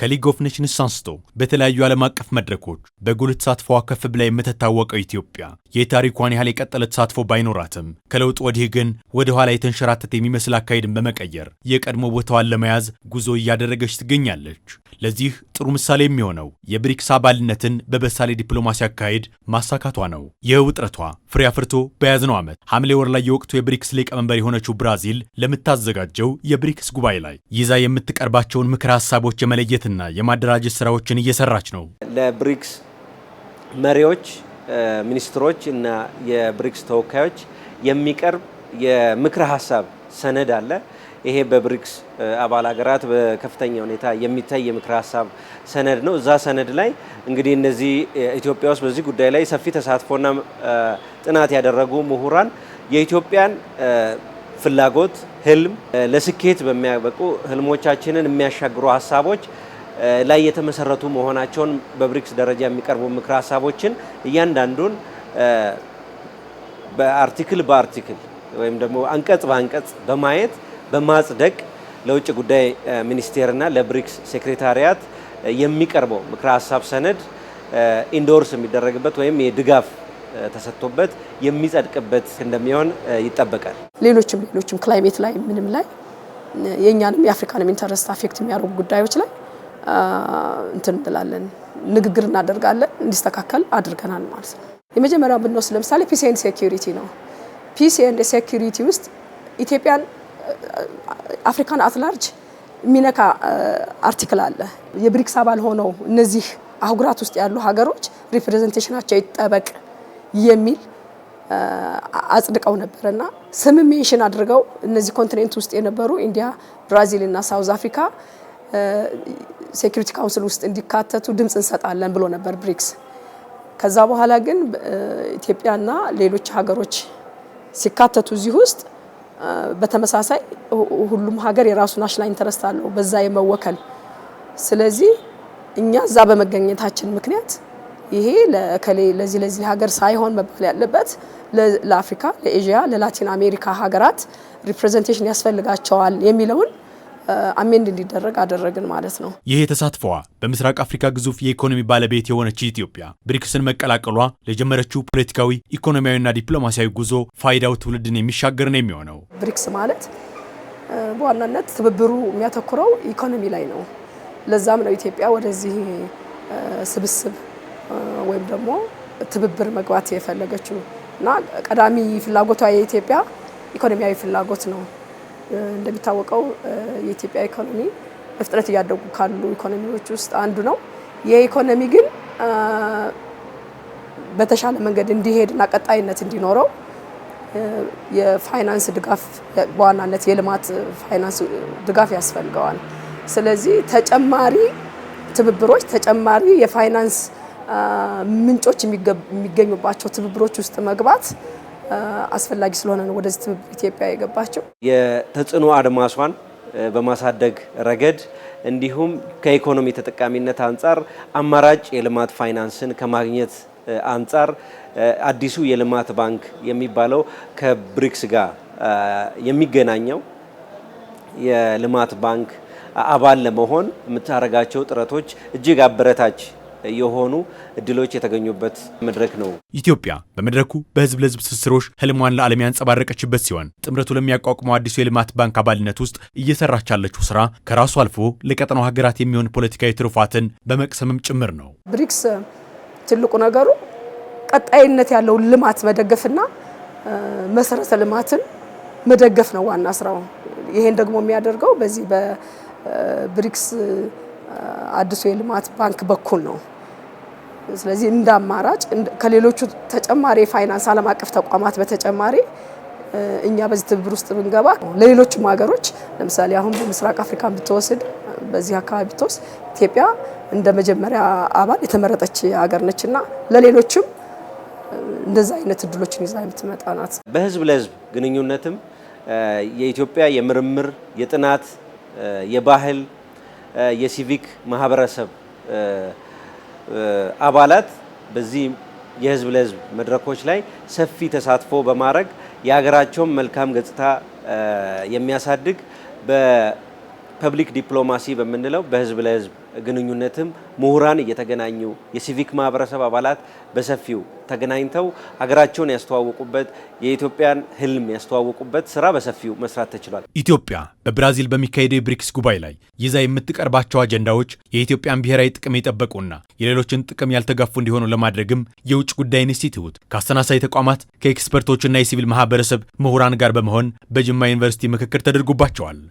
ከሊግ ኦፍ ኔሽንስ አንስቶ በተለያዩ ዓለም አቀፍ መድረኮች በጉልህ ተሳትፎዋ ከፍ ብላ የምትታወቀው ኢትዮጵያ የታሪኳን ያህል የቀጠለ ተሳትፎ ባይኖራትም ከለውጥ ወዲህ ግን ወደ ኋላ የተንሸራተተ የሚመስል አካሄድን በመቀየር የቀድሞ ቦታዋን ለመያዝ ጉዞ እያደረገች ትገኛለች። ለዚህ ጥሩ ምሳሌ የሚሆነው የብሪክስ አባልነትን በበሳሌ ዲፕሎማሲ አካሄድ ማሳካቷ ነው። ይህ ውጥረቷ ፍሬ አፍርቶ በያዝነው ዓመት ሐምሌ ወር ላይ የወቅቱ የብሪክስ ሊቀመንበር የሆነችው ብራዚል ለምታዘጋጀው የብሪክስ ጉባኤ ላይ ይዛ የምትቀርባቸውን ምክረ ሀሳቦች የመለየት የማደራጀትና የማደራጀት ስራዎችን እየሰራች ነው። ለብሪክስ መሪዎች፣ ሚኒስትሮች እና የብሪክስ ተወካዮች የሚቀርብ የምክረ ሀሳብ ሰነድ አለ። ይሄ በብሪክስ አባል ሀገራት በከፍተኛ ሁኔታ የሚታይ የምክረ ሀሳብ ሰነድ ነው። እዛ ሰነድ ላይ እንግዲህ እነዚህ ኢትዮጵያ ውስጥ በዚህ ጉዳይ ላይ ሰፊ ተሳትፎና ጥናት ያደረጉ ምሁራን የኢትዮጵያን ፍላጎት፣ ህልም ለስኬት በሚያበቁ ህልሞቻችንን የሚያሻግሩ ሀሳቦች ላይ የተመሰረቱ መሆናቸውን በብሪክስ ደረጃ የሚቀርቡ ምክረ ሀሳቦችን እያንዳንዱን በአርቲክል በአርቲክል ወይም ደግሞ አንቀጽ በአንቀጽ በማየት በማጽደቅ ለውጭ ጉዳይ ሚኒስቴርና ለብሪክስ ሴክሬታሪያት የሚቀርበው ምክረ ሀሳብ ሰነድ ኢንዶርስ የሚደረግበት ወይም የድጋፍ ተሰጥቶበት የሚጸድቅበት እንደሚሆን ይጠበቃል። ሌሎችም ሌሎችም ክላይሜት ላይ ምንም ላይ የእኛንም የአፍሪካንም ኢንተረስት አፌክት የሚያደርጉ ጉዳዮች ላይ እንትን እንላለን፣ ንግግር እናደርጋለን፣ እንዲስተካከል አድርገናል ማለት ነው። የመጀመሪያው ብንወስድ ለምሳሌ ፒስ ኤንድ ሴኪሪቲ ነው። ፒስ ኤንድ ሴኪሪቲ ውስጥ ኢትዮጵያን አፍሪካን አትላርጅ ሚነካ አርቲክል አለ። የብሪክስ አባል ሆነው እነዚህ አህጉራት ውስጥ ያሉ ሀገሮች ሪፕሬዘንቴሽናቸው ይጠበቅ የሚል አጽድቀው ነበር እና ስም ሜንሽን አድርገው እነዚህ ኮንቲኔንት ውስጥ የነበሩ ኢንዲያ፣ ብራዚል እና ሳውዝ አፍሪካ ሴኩሪቲ ካውንስል ውስጥ እንዲካተቱ ድምፅ እንሰጣለን ብሎ ነበር ብሪክስ። ከዛ በኋላ ግን ኢትዮጵያና ሌሎች ሀገሮች ሲካተቱ እዚህ ውስጥ በተመሳሳይ ሁሉም ሀገር የራሱ ናሽናል ኢንተረስት አለው በዛ የመወከል ስለዚህ እኛ እዛ በመገኘታችን ምክንያት ይሄ ለከሌ ለዚህ ለዚህ ሀገር ሳይሆን መባል ያለበት ለአፍሪካ፣ ለኤዥያ፣ ለላቲን አሜሪካ ሀገራት ሪፕሬዘንቴሽን ያስፈልጋቸዋል የሚለውን አሜንድ uh, እንዲደረግ አደረግን ማለት ነው። ይህ የተሳትፎዋ በምስራቅ አፍሪካ ግዙፍ የኢኮኖሚ ባለቤት የሆነች ኢትዮጵያ ብሪክስን መቀላቀሏ ለጀመረችው ፖለቲካዊ ኢኮኖሚያዊና ዲፕሎማሲያዊ ጉዞ ፋይዳው ትውልድን የሚሻገር ነው የሚሆነው። ብሪክስ ማለት uh, በዋናነት ትብብሩ የሚያተኩረው ኢኮኖሚ ላይ ነው። ለዛም ነው ኢትዮጵያ ወደዚህ uh, ስብስብ ወይም ደግሞ ትብብር መግባት የፈለገችው እና ቀዳሚ ፍላጎቷ የኢትዮጵያ ኢኮኖሚያዊ ፍላጎት ነው። እንደሚታወቀው የኢትዮጵያ ኢኮኖሚ በፍጥነት እያደጉ ካሉ ኢኮኖሚዎች ውስጥ አንዱ ነው። ይህ ኢኮኖሚ ግን በተሻለ መንገድ እንዲሄድና ቀጣይነት እንዲኖረው የፋይናንስ ድጋፍ በዋናነት የልማት ፋይናንስ ድጋፍ ያስፈልገዋል። ስለዚህ ተጨማሪ ትብብሮች፣ ተጨማሪ የፋይናንስ ምንጮች የሚገኙባቸው ትብብሮች ውስጥ መግባት አስፈላጊ ስለሆነ ነው ወደዚህ ትብብር ኢትዮጵያ የገባቸው። የተጽዕኖ አድማሷን በማሳደግ ረገድ እንዲሁም ከኢኮኖሚ ተጠቃሚነት አንጻር አማራጭ የልማት ፋይናንስን ከማግኘት አንጻር አዲሱ የልማት ባንክ የሚባለው ከብሪክስ ጋር የሚገናኘው የልማት ባንክ አባል ለመሆን የምታደርጋቸው ጥረቶች እጅግ አበረታች የሆኑ እድሎች የተገኙበት መድረክ ነው። ኢትዮጵያ በመድረኩ በህዝብ ለህዝብ ትስስሮች ህልሟን ለዓለም ያንጸባረቀችበት ሲሆን ጥምረቱ ለሚያቋቁመው አዲሱ የልማት ባንክ አባልነት ውስጥ እየሰራች ያለችው ስራ ከራሱ አልፎ ለቀጠናው ሀገራት የሚሆን ፖለቲካዊ ትሩፋትን በመቅሰምም ጭምር ነው። ብሪክስ ትልቁ ነገሩ ቀጣይነት ያለውን ልማት መደገፍና መሰረተ ልማትን መደገፍ ነው ዋና ስራው። ይሄን ደግሞ የሚያደርገው በዚህ በብሪክስ አዲሱ የልማት ባንክ በኩል ነው። ስለዚህ እንደ አማራጭ ከሌሎቹ ተጨማሪ የፋይናንስ ዓለም አቀፍ ተቋማት በተጨማሪ እኛ በዚህ ትብብር ውስጥ ብንገባ ለሌሎችም ሀገሮች ለምሳሌ አሁን በምስራቅ አፍሪካን ብትወስድ በዚህ አካባቢ ብትወስድ ኢትዮጵያ እንደ መጀመሪያ አባል የተመረጠች ሀገር ነች እና ለሌሎችም እንደዛ አይነት እድሎችን ይዛ የምትመጣ ናት። በህዝብ ለህዝብ ግንኙነትም የኢትዮጵያ የምርምር፣ የጥናት፣ የባህል፣ የሲቪክ ማህበረሰብ አባላት በዚህ የህዝብ ለህዝብ መድረኮች ላይ ሰፊ ተሳትፎ በማድረግ የሀገራቸውን መልካም ገጽታ የሚያሳድግ ፐብሊክ ዲፕሎማሲ በምንለው በህዝብ ለህዝብ ግንኙነትም ምሁራን እየተገናኙ የሲቪክ ማህበረሰብ አባላት በሰፊው ተገናኝተው ሀገራቸውን ያስተዋወቁበት የኢትዮጵያን ህልም ያስተዋወቁበት ስራ በሰፊው መስራት ተችሏል። ኢትዮጵያ በብራዚል በሚካሄደው የብሪክስ ጉባኤ ላይ ይዛ የምትቀርባቸው አጀንዳዎች የኢትዮጵያን ብሔራዊ ጥቅም የጠበቁና የሌሎችን ጥቅም ያልተጋፉ እንዲሆኑ ለማድረግም የውጭ ጉዳይ ኢንስቲትዩት ከአሰናሳይ ተቋማት ከኤክስፐርቶችና የሲቪል ማህበረሰብ ምሁራን ጋር በመሆን በጅማ ዩኒቨርሲቲ ምክክር ተደርጎባቸዋል።